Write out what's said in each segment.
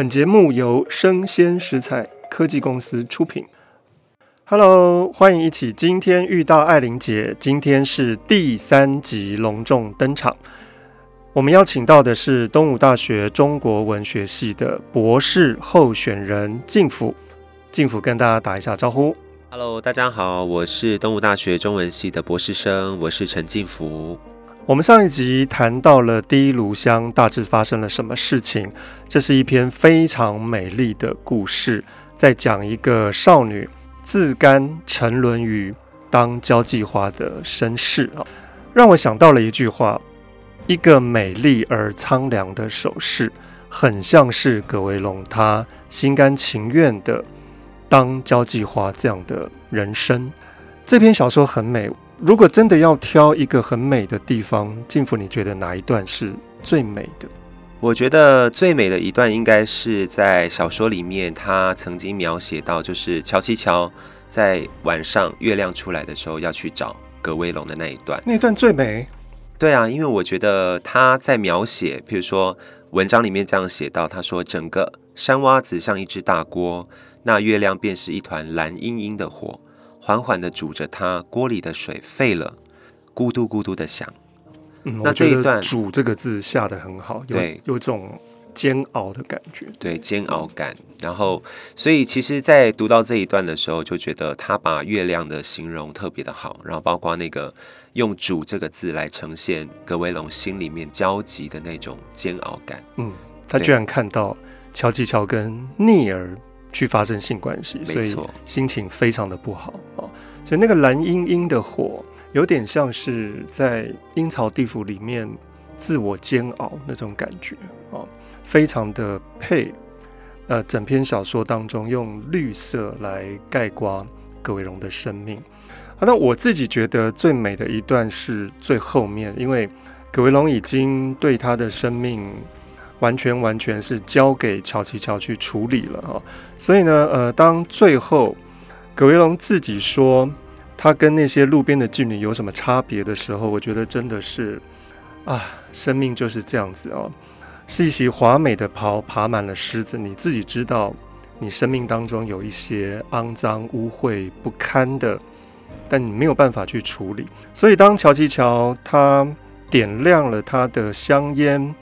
本節目由聲鮮時采科技公司出品。Hello，歡迎一起今天遇到愛玲姐。今天是第三集隆重登場。我們邀請到的是東吳大學中國文學系的博士候選人勁甫。勁甫跟大家打一下招呼。Hello，大家好，我是東吳大學中文系的博士生，我是陳勁甫。我們上一集談到了《第一爐香》，大致發生了什麼事情？這是一篇非常美麗的故事，在講一個少女自甘沉淪於當交際花的身世啊，讓我想到了一句話：“一個美麗而蒼涼的手勢”，很像是葛薇龍，她心甘情願的當交際花這樣的人生。這篇小說很美。如果真的要挑一個很美的地方，勁甫，你覺得哪一段是最美的？我覺得最美的一段應該是在小說裡面，他曾經描寫到，就是喬琪喬在晚上月亮出來的時候要去找葛薇龍的那一段。那一段最美？對啊，因為我覺得他在描寫，譬如說文章裡面這樣寫到，他說整個山洼子像一隻大鍋，那月亮便是一團藍茵茵的火。緩緩的煮着它，鍋裡的水沸了，咕嘟咕嘟的響、嗯。那這一段“煮”這個字下得很好，對，有，有種煎熬的感覺，對，煎熬感。然後，所以其實，在讀到這一段的時候，就覺得他把月亮的形容特別的好，然後包括那個用“煮”這個字來呈現葛薇龍心裡面焦急的那種煎熬感。嗯，他居然看到喬琪喬跟睨兒。去發生性關係，所以心情非常的不好啊、哦。所以那個藍茵茵的火，有點像是在陰曹地府裡面自我煎熬那種感覺啊、哦，非常的配。呃，整篇小說當中用綠色來蓋棺葛薇龍的生命。好、啊，那我自己覺得最美的一段是最後面，因為葛薇龍已經對他的生命。完全完全是交給喬琪喬去處理了、哦、所以呢，呃，當最後葛薇龍自己說他跟那些路邊的妓女有什麼差別的時候，我覺得真的是啊，生命就是這樣子啊、哦，是一襲華美的袍，爬滿了蝨子，你自己知道你生命當中有一些骯髒污穢不堪的，但你沒有辦法去處理。所以當喬琪喬他點亮了他的香菸。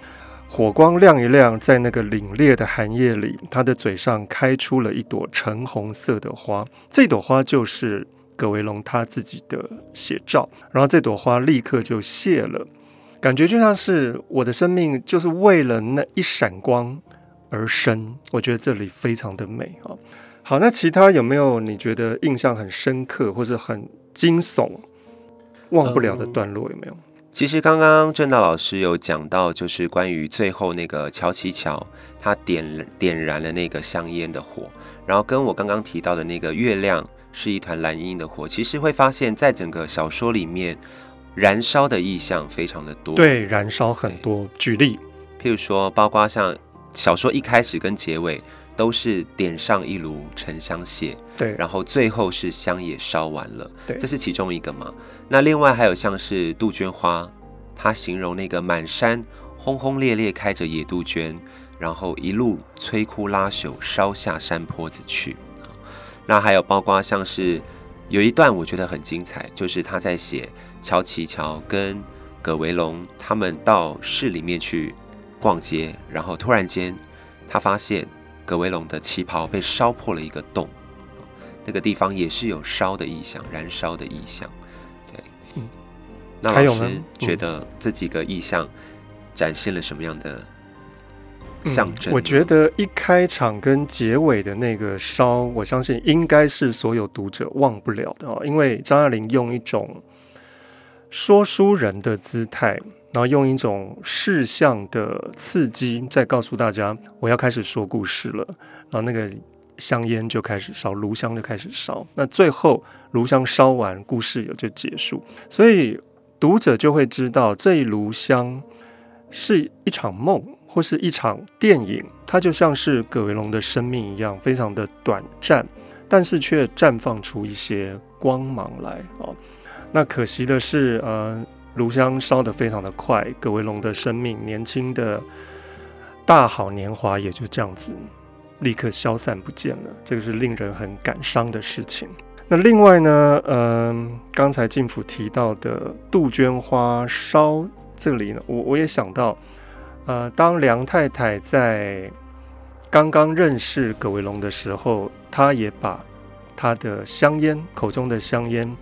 火光亮一亮，在那個凜冽的寒夜裡，他的嘴上開出了一朵橙紅色的花，這朵花就是葛薇龍他自己的寫照。然後這朵花立刻就謝了，感覺就像是我的生命就是為了那一閃光而生。我覺得這裡非常的美。好，那其他有沒有你覺得印象很深刻或者很驚悚、忘不了的段落有沒有？其實剛剛勁甫老師有講到，就是關於最後那個喬琪喬，他點點燃了那個香菸的火，然後跟我剛剛提到的那個月亮是一團藍陰陰的火。其實會發現，在整個小說裡面，燃燒的意象非常的多，對，燃燒很多。舉例，譬如說，包括像小說一開始跟結尾。都是點上一爐沉香屑，對，然後最後是香也燒完了，對，這是其中一個嘛。那另外還有像是杜鵑花，他形容那個滿山轟轟烈烈開着野杜鵑，然後一路摧枯拉朽燒，燒下山坡子去。那還有包括像是有一段我覺得很精彩，就是他在寫喬琪喬跟葛薇龍他們到市裡面去逛街，然後突然間他發現。葛威龍的旗袍被燒破了一個洞，那個地方也是有燒的意象，燃燒的意象。對，嗯，那老師覺得這幾個意象展現了什麼樣的象徵、嗯嗯。我覺得一開場跟結尾的那個燒，我相信應該是所有讀者忘不了的啊、哦，因為張愛玲用一種說書人的姿態。然後用一種視像的刺激，再告訴大家我要開始說故事了。然後那個香菸就開始燒，爐香就開始燒。那最後爐香燒完，故事也就結束。所以讀者就會知道這一爐香是一場夢，或是一場電影。它就像是葛薇龍的生命一樣，非常的短暫，但是卻綻放出一些光芒來啊、哦。那可惜的是，呃。爐香燒得非常的快，葛薇龍的生命，年輕的大好年華也就這樣子，立刻消散不見了，這個是令人很感傷的事情。那另外呢，嗯、呃，剛才勁甫提到的杜鵑花燒，這裡呢，我我也想到，呃，當梁太太在剛剛認識葛薇龍的時候，她也把她的香煙，口中的香煙。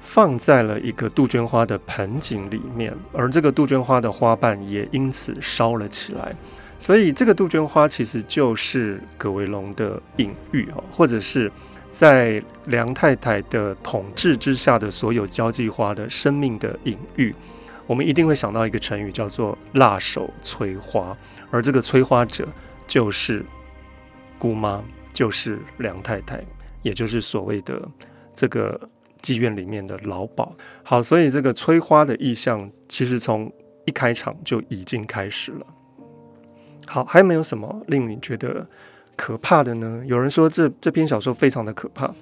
放在了一個杜鵑花的盆景裡面，而這個杜鵑花的花瓣也因此燒了起來。所以，這個杜鵑花其實就是葛薇龍的隱喻啊，或者是在梁太太的統治之下的所有交際花的生命的隱喻。我們一定會想到一個成語，叫做“辣手摧花”，而這個摧花者就是姑媽，就是梁太太，也就是所謂的這個。妓院裡面的老鴇。好，所以這個催花的意象，其實從一開場就已經開始了。好，還沒有什麼令你覺得可怕的呢？有人說這這篇小說非常的可怕。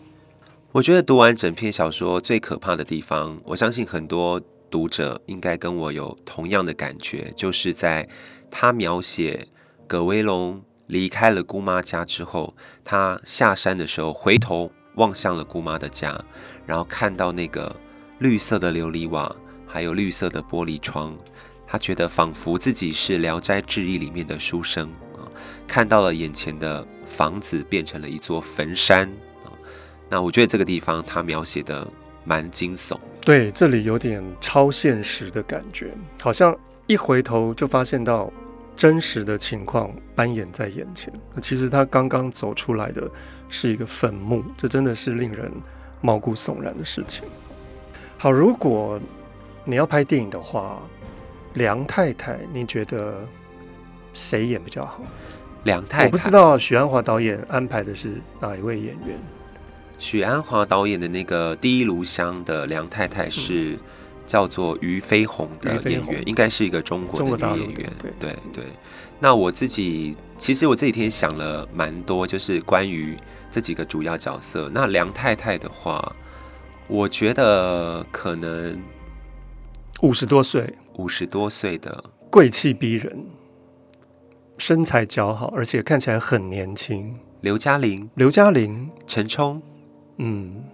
我覺得讀完整篇小說最可怕的地方，我相信很多讀者應該跟我有同樣的感覺，就是在他描寫葛薇龍離開了姑媽家之後，他下山的時候回頭望向了姑媽的家。然後看到那個綠色的琉璃瓦，還有綠色的玻璃窗，他覺得仿佛自己是《聊齋誌異》裡面的書生啊、哦，看到了眼前的房子變成了一座墳山啊、哦。那我覺得這個地方他描寫的蠻驚悚，對，這裡有點超現實的感覺，好像一回頭就發現到真實的情況扮演在眼前。那其實他剛剛走出來的是一個墳墓，這真的是令人毛骨悚然的事情。好，如果你要拍電影的話，梁太太，你覺得誰演比較好？梁太太，我不知道許鞍華導演安排的是哪一位演員。許鞍華導演的那個《第一爐香》的梁太太是叫做俞飛鴻的演員、嗯，應該是一個中國的演員。對對、對、對。那我自己其實我這幾天想了蠻多，就是關於。這幾個主要角色，那梁太太的話，我覺得可能五十多歲，五十多歲的貴氣逼人，身材姣好，而且看起來很年輕。劉嘉玲，劉嘉玲，陳沖，嗯，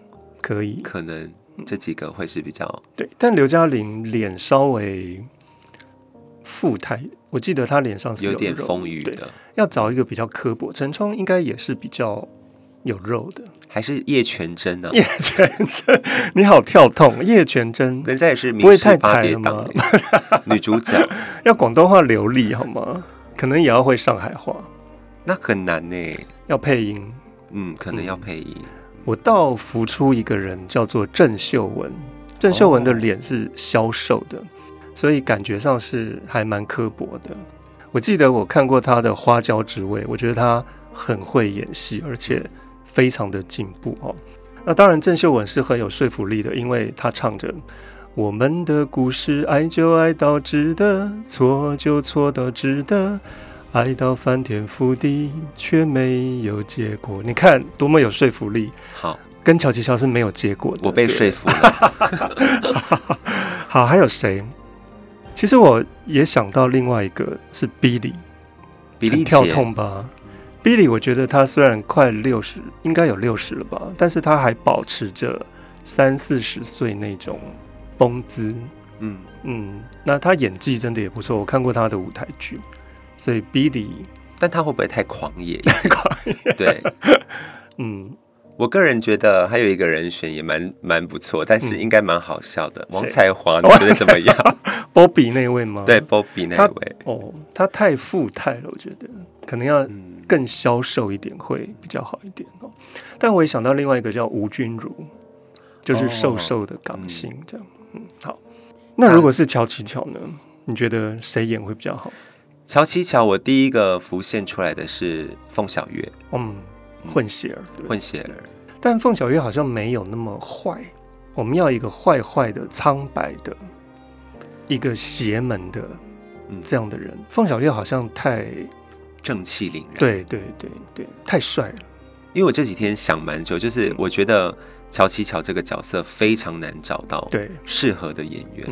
可以，可能這幾個會是比較對。但劉嘉玲臉稍微富態，我記得她臉上是有，有點豐腴的。要找一個比較刻薄，陳沖應該也是比較。有肉的，還是葉全真呢？啊？葉全真，你好跳痛。葉 全真，人家也是名字太八了嘛。女主角，要廣東話流利好嗎？可能也要會上海話，那很難呢。要配音，嗯，可能要配音。嗯、我倒浮出一個人叫做鄭秀文，鄭秀文的臉是消瘦的，哦，所以感覺上是還蠻刻薄的。我記得我看過她的《花椒之味》，我覺得她很會演戲，而且。非常的進步哦，那當然鄭秀文是很有說服力的，因為她唱着我們的故事，愛就愛到值得，錯就錯到值得，愛到翻天覆地卻沒有結果，你看多麼有說服力。好，跟喬琪喬是沒有結果的，我被說服了。 好， 好，還有誰？其實我也想到另外一個是比利，比利跳痛吧。Billy，我覺得他雖然快六十，應該有六十了吧，但是他還保持着三四十歲那種風姿。嗯嗯，那他演技真的也不錯，我看過他的舞台劇。所以 Billy，但他會不會太狂野？太狂野？野。對。 對 嗯，我個人覺得還有一個人選也蠻蠻,蠻不錯，但是應該蠻好笑的。嗯、王彩樺、王彩樺，你覺得怎麼樣 ？Bobby 那位嗎？對，Bobby 那位。哦，他太富態了，我覺得可能要。嗯更消瘦一點會比較好一點哦，但我也想到另外一個叫吳君如，就是瘦瘦的港星。這樣、哦嗯。嗯，好。那如果是喬琪喬呢？你覺得誰演會比較好？喬琪喬，我第一個浮現出來的是鳳小岳。嗯，混血兒對對，混血兒。但鳳小岳好像沒有那麼壞。我們要一個壞壞的、蒼白的、一個邪門的這樣的人、嗯。鳳小岳好像太。正氣凜然，對對對對，太帥了！因為我這幾天想蠻久，就是我覺得喬琪喬這個角色非常難找到對適合的演員，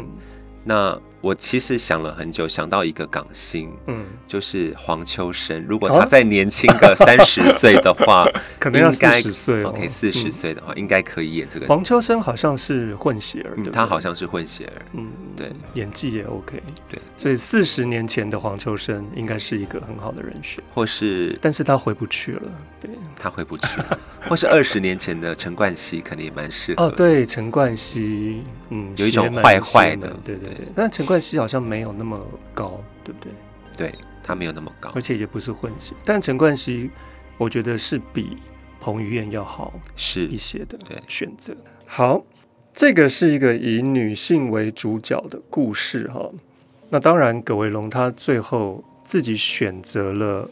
那。我其實想了很久，想到一個港星，嗯，就是黃秋生。如果他再年輕個三十歲的話，啊、應可能要四十歲，OK，四十歲的話，嗯、應該可以演這個。黃秋生好像是混血兒、嗯、對對，他好像是混血兒，嗯，對，演技也 OK，對。所以四十年前的黃秋生應該是一個很好的人選，或是，但是他回不去了，對，他回不去了。 或是二十年前的陳冠希可能也蠻適合，哦，對，陳冠希，嗯，有一種壞壞的，的，對對、對，那陳。冠希好像沒有那麼高，對不對？對，他沒有那麼高，而且也不是混血。但陳冠希，我覺得是比彭於晏要好一些的是。對，選擇好，這個是一個以女性為主角的故事哈、哦。那當然，葛薇龍他最後自己選擇了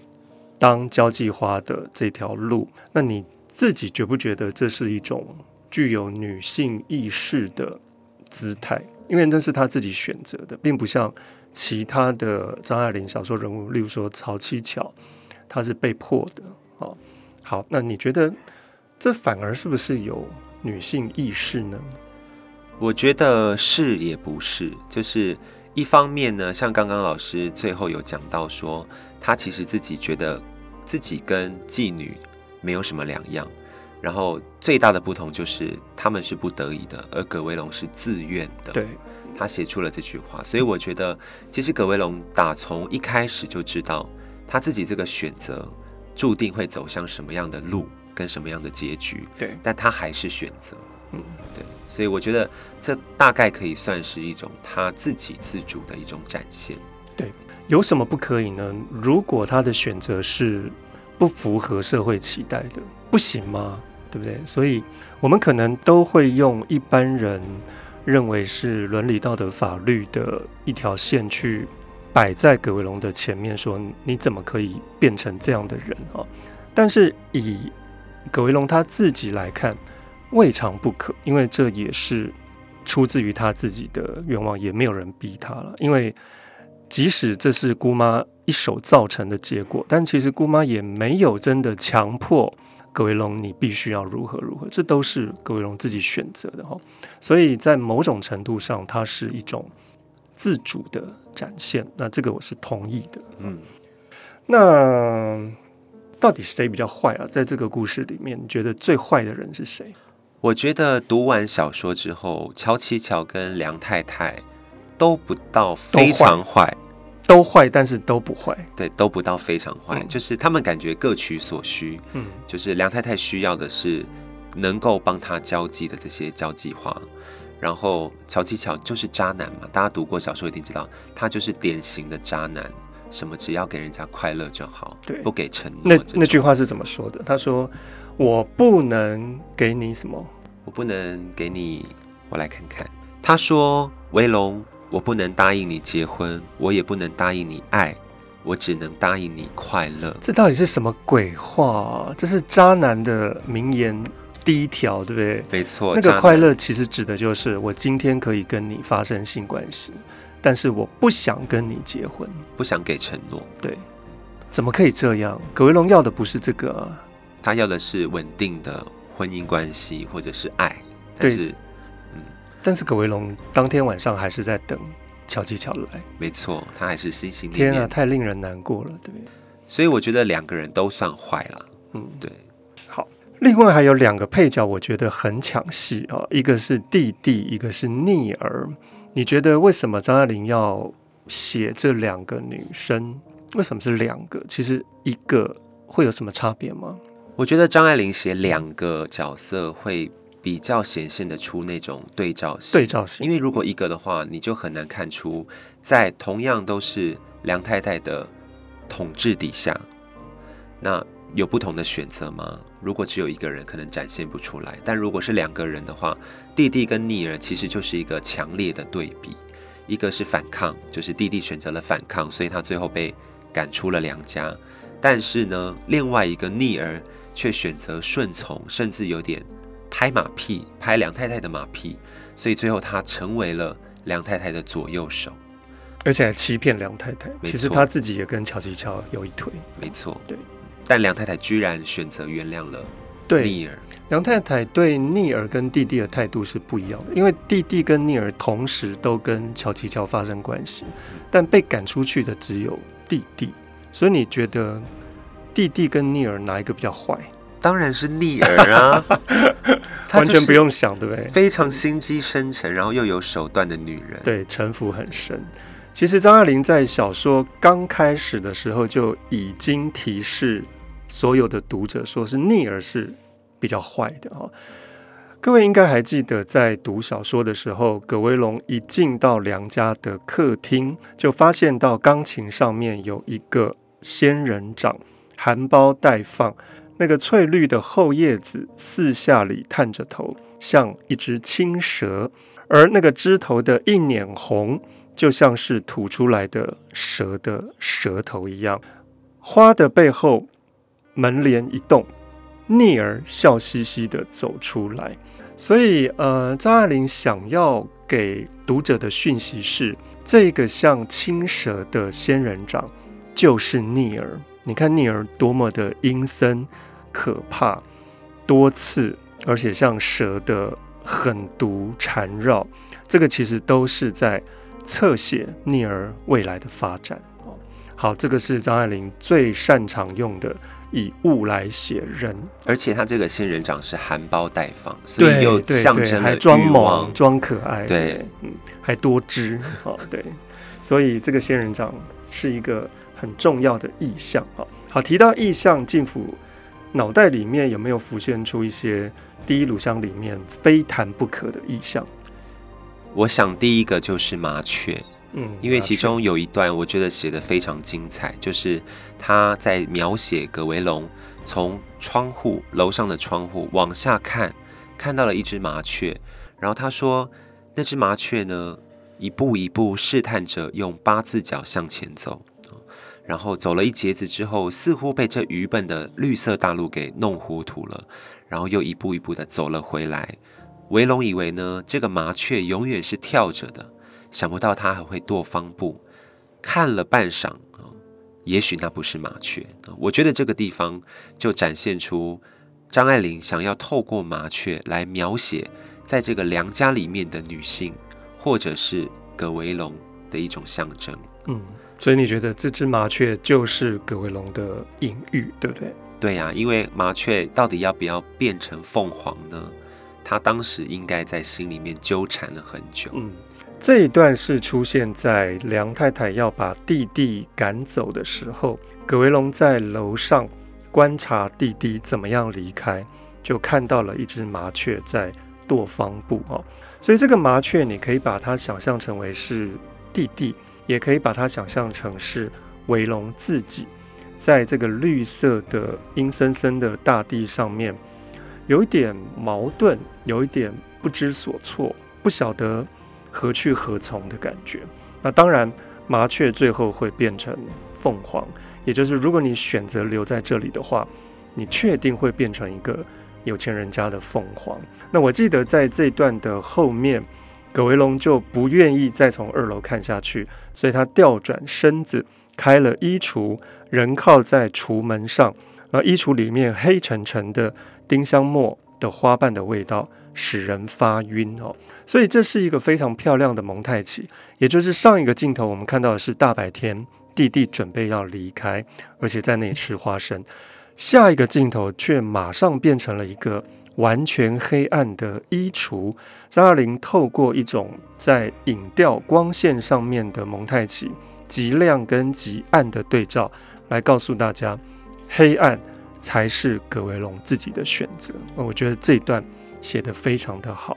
當交際花的這條路。那你自己覺不覺得這是一種具有女性意識的姿態？因為那是他自己選擇的，並不像其他的張愛玲小說人物，例如說曹七巧，她是被迫的。哦，好，那你覺得這反而是不是有女性意識呢？我覺得是也不是，就是一方面呢，像剛剛老師最後有講到說，她其實自己覺得自己跟妓女沒有什麼兩樣。然後最大的不同就是他們是不得已的，而葛薇龍是自願的。對，他寫出了這句話，所以我覺得其實葛薇龍打從一開始就知道他自己這個選擇注定會走向什麼樣的路跟什麼樣的結局。對，但他還是選擇。嗯，對，所以我覺得這大概可以算是一種他自己自主的一種展現。對，有什麼不可以呢？如果他的選擇是不符合社會期待的，不行嗎？對不對？所以，我們可能都會用一般人認為是倫理、道德、法律的一條線去擺在葛薇龍的前面，說你怎麼可以變成這樣的人啊？但是以葛薇龍他自己來看，未嘗不可，因為這也是出自於他自己的願望，也沒有人逼他了。因為即使這是姑媽一手造成的結果，但其實姑媽也沒有真的強迫。葛薇龍，你必須要如何如何。這都是葛薇龍自己選擇的哈，所以在某種程度上，它是一種自主的展現。那這個我是同意的，嗯。那到底誰比較壞啊？在這個故事裡面，你覺得最壞的人是誰？我覺得讀完小說之後，喬琪喬跟梁太太都不到非常壞。都壞，但是都不壞。對，都不到非常壞，嗯，就是他們感覺各取所需。嗯，就是梁太太需要的是能夠幫他交際的這些交際花，然後喬琪喬，琪喬就是渣男嘛，大家讀過小說一定知道，他就是典型的渣男，什麼只要給人家快樂就好，對，不給承諾。那那句話是怎麼說的？他說：“我不能給你什麼，我不能給你。”我來看看，他說：“薇龍。”我不能答應你結婚，我也不能答應你愛，我只能答應你快樂。這到底是什麼鬼話啊？這是渣男的名言第一條，對不對？沒錯。那個快樂其實指的就是我今天可以跟你發生性關係，但是我不想跟你結婚，不想給承諾。對，怎麼可以這樣？葛薇龍要的不是這個啊，他要的是穩定的婚姻關係或者是愛，但是對。但是葛薇龍當天晚上還是在等喬琪喬來，沒錯，他還是心心念念。天啊，太令人難過了，對不對？所以我覺得兩個人都算壞了，嗯，對。好，另外還有兩個配角，我覺得很搶戲啊，一個是弟弟，一個是逆兒。你覺得為什麼張愛玲要寫這兩個女生？為什麼是兩個？其實一個會有什麼差別嗎？我覺得張愛玲寫兩個角色會。比較顯現得出那種對照性，對照性。因為如果一個的話，你就很難看出，在同樣都是梁太太的統治底下，那有不同的選擇嗎？如果只有一個人，可能展現不出來。但如果是兩個人的話，弟弟跟逆兒其實就是一個強烈的對比，一個是反抗，就是弟弟選擇了反抗，所以他最後被趕出了梁家。但是呢，另外一個逆兒卻選擇順從，甚至有點。拍馬屁，拍梁太太的馬屁，所以最後她成為了梁太太的左右手，而且還欺騙梁太太。沒錯，其實她自己也跟喬琪喬有一腿。沒錯，對。但梁太太居然選擇原諒了逆兒。對，梁太太對逆兒跟弟弟的態度是不一樣的，因為弟弟跟逆兒同時都跟喬琪喬發生關係，但被趕出去的只有弟弟。所以你覺得弟弟跟逆兒哪一個比較壞？當然是逆兒啊，完全不用想，對不對？非常心機深沉，然後又有手段的女人， 對， 女人 對，城府很深。其實張愛玲在小說剛開始的時候就已經提示所有的讀者，說是逆兒是比較壞的啊、哦。各位應該還記得，在讀小說的時候，葛威龍一進到梁家的客廳，就發現到鋼琴上面有一個仙人掌，含苞待放。那個翠綠的厚葉子四下裡探着頭，像一隻青蛇，而那個枝頭的一點紅，就像是吐出來的蛇的舌頭一樣。花的背後門簾一動，睨兒笑嘻嘻地走出來。所以，呃，張愛玲想要給讀者的訊息是：這個像青蛇的仙人掌，就是睨兒。你看睨兒多麼的陰森、可怕、多刺，而且像蛇的狠毒纏繞，這個其實都是在側寫睨兒未來的發展。好，這個是張愛玲最擅長用的，以物來寫人。而且他這個仙人掌是含苞待放，所以又象徵了慾望、裝萌、裝可愛。對，嗯，還多汁。好，對，所以這個仙人掌是一個。很重要的意象啊！好，提到意象，勁甫腦袋裡面有沒有浮現出一些《第一爐香》裡面非談不可的意象？我想第一個就是麻雀，嗯，因為其中有一段，我覺得寫得非常精彩，就是他在描寫葛維龍從窗戶樓上的窗戶往下看，看到了一隻麻雀，然後他說那隻麻雀呢，一步一步試探着用八字腳向前走。然後走了一截子之後，似乎被這愚笨的綠色大陸給弄糊塗了，然後又一步一步的走了回來。薇龍以為呢，這個麻雀永遠是跳着的，想不到它還會踱方步。看了半晌，也許那不是麻雀。我覺得這個地方就展現出張愛玲想要透過麻雀來描寫，在這個梁家裡面的女性，或者是葛薇龍的一種象徵。嗯。所以你覺得這隻麻雀就是葛薇龍的隱喻，對不對？對呀、啊，因為麻雀到底要不要變成鳳凰呢？他當時應該在心裡面糾纏了很久。嗯，這一段是出現在梁太太要把弟弟趕走的時候，葛薇龍在樓上觀察弟弟怎麼樣離開，就看到了一隻麻雀在踱方步哦，所以這個麻雀，你可以把它想象成為是弟弟。也可以把它想象成是薇龍自己，在這個綠色的陰森森的大地上面，有一點矛盾，有一點不知所措，不曉得何去何從的感覺。那當然，麻雀最後會變成鳳凰，也就是如果你選擇留在這裡的話，你確定會變成一個有錢人家的鳳凰。那我記得在這段的後面。葛薇龍就不願意再從二樓看下去，所以他調轉身子，開了衣櫥，人靠在櫥門上。而衣櫥裡面黑沉沉的，丁香木的花瓣的味道使人發暈哦。所以這是一個非常漂亮的蒙太奇，也就是上一個鏡頭我們看到的是大白天，弟弟準備要離開，而且在那裡吃花生。下一個鏡頭卻馬上變成了一個，完全黑暗的衣櫥，張愛玲透過一種在影調光線上面的蒙太奇，極亮跟極暗的對照，來告訴大家，黑暗才是葛薇龍自己的選擇。我覺得這一段寫得非常的好。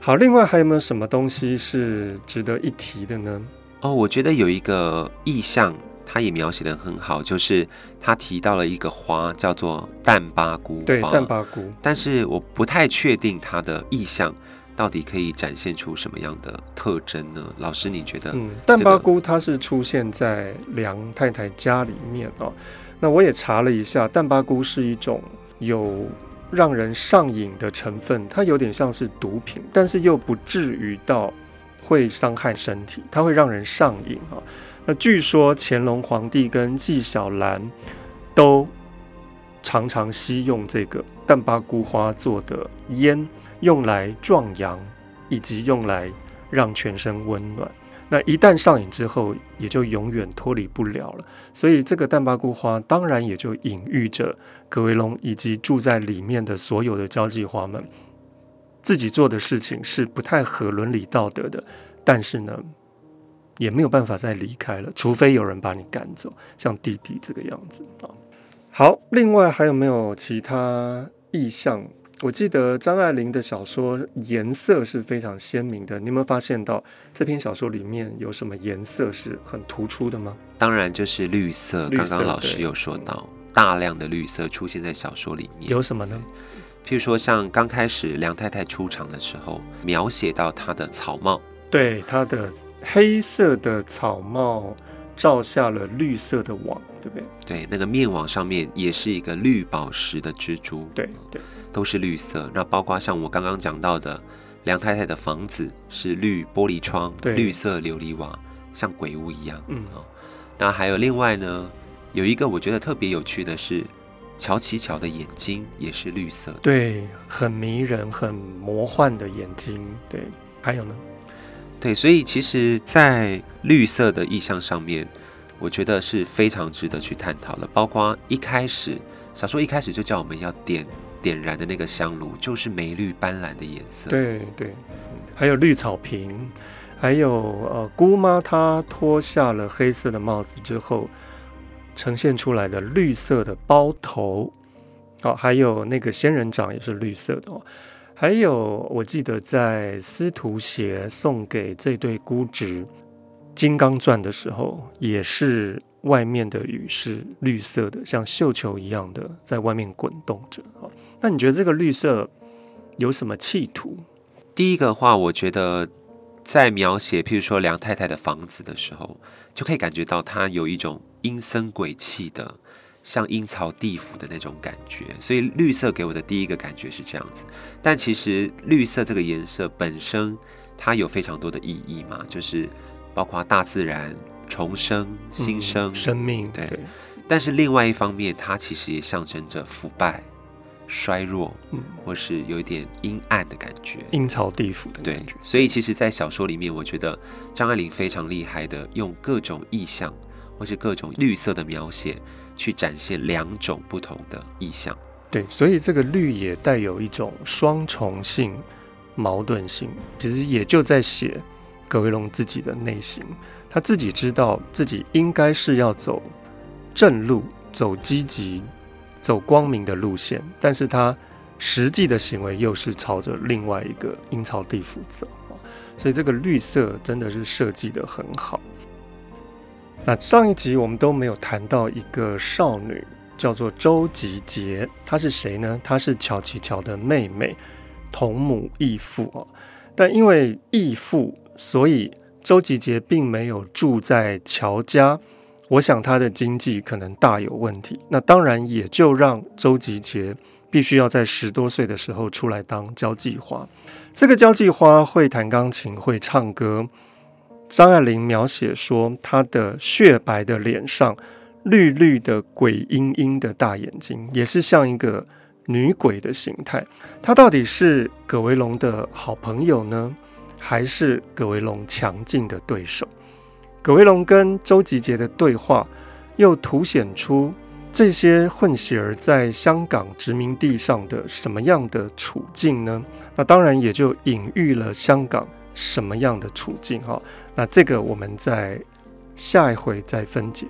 好，另外還有沒有什麼東西是值得一提的呢？哦，我覺得有一個意象。他也描寫得很好，就是他提到了一個花叫做淡巴菇，對，淡巴菇。但是我不太確定它的意象到底可以展現出什麼樣的特徵呢？老師，你覺得、這個？嗯，淡巴菇它是出現在梁太太家裡面啊、哦。那我也查了一下，淡巴菇是一種有讓人上癮的成分，它有點像是毒品，但是又不至於到會傷害身體，它會讓人上癮啊、哦。那據說乾隆皇帝跟紀曉嵐都常常吸用這個淡巴菰花做的菸，用來壯陽，以及用來讓全身溫暖。那一旦上癮之後，也就永遠脫離不了了。所以這個淡巴菰花當然也就隱喻着葛薇龍以及住在裡面的所有的交際花們自己做的事情是不太合倫理道德的。但是呢，也沒有辦法再離開了，除非有人把你趕走。像弟弟這個樣子啊。好，另外還有沒有其他意象？我記得張愛玲的小說顏色是非常鮮明的，你有沒有發現到這篇小說裡面有什麼顏色是很突出的嗎？當然就是綠色。剛剛老師有說到，大量的綠色出現在小說裡面。有什麼呢？譬如說，像剛開始梁太太出場的時候，描寫到她的草帽，對她的。黑色的草帽罩下了綠色的網，對不對？對，那個面網上面也是一個綠寶石的蜘蛛。對對，都是綠色。那包括像我剛剛講到的，梁太太的房子是綠玻璃窗，嗯、對，綠色琉璃瓦，像鬼屋一樣。嗯啊、哦。那還有另外呢，有一個我覺得特別有趣的是，喬琪喬的眼睛也是綠色的，對，很迷人，很魔幻的眼睛。對，還有呢？對，所以其實，在綠色的意象上面，我覺得是非常值得去探討的。包括一開始小說一開始就叫我們要點點燃的那個香爐，就是霉綠斑斕的顏色。對對，還有綠草坪，還有呃，姑媽她脫下了黑色的帽子之後，呈現出來的綠色的包頭，哦，還有那個仙人掌也是綠色的哦。還有，我記得在司徒協送給這對姑姪金剛鑽的時候，也是外面的雨是綠色的，像繡球一樣的在外面滾動着。那你覺得這個綠色有什麼企圖？第一個話，我覺得在描寫譬如說梁太太的房子的時候，就可以感覺到她有一種陰森鬼氣的。像陰曹地府的那種感覺，所以綠色給我的第一個感覺是這樣子。但其實綠色這個顏色本身，它有非常多的意義嘛，就是包括大自然、重生、新生、嗯、生命，對。對。但是另外一方面，它其實也象徵着腐敗、衰弱，嗯、或是有一點陰暗的感覺，陰曹地府的感覺。對。所以其實，在小說裡面，我覺得張愛玲非常厲害的，用各種意象，或是各種綠色的描寫。去展現兩種不同的意象，對，所以這個綠也帶有一種雙重性、矛盾性。其實也就在寫葛薇龍自己的內心，他自己知道自己應該是要走正路、走積極、走光明的路線，但是他實際的行為又是朝着另外一個陰曹地府走，所以這個綠色真的是設計得很好。那上一集我們都沒有談到一個少女，叫做周吉杰，她是誰呢？她是喬琪喬的妹妹，同母異父哦。但因為異父，所以周吉杰並沒有住在喬家。我想她的經濟可能大有問題。那當然也就讓周吉杰必須要在十多歲的時候出來當交際花。這個交際花會彈鋼琴，會唱歌。張愛玲描寫說，她的雪白的臉上，綠綠的鬼陰陰的大眼睛，也是像一個女鬼的形態。她到底是葛薇龍的好朋友呢，還是葛薇龍強勁的對手？葛薇龍跟周吉婕的對話，又凸顯出這些混血兒在香港殖民地上的什麼樣的處境呢？那當然也就隱喻了香港。什麼樣的處境哈？那這個我們在下一回再分解。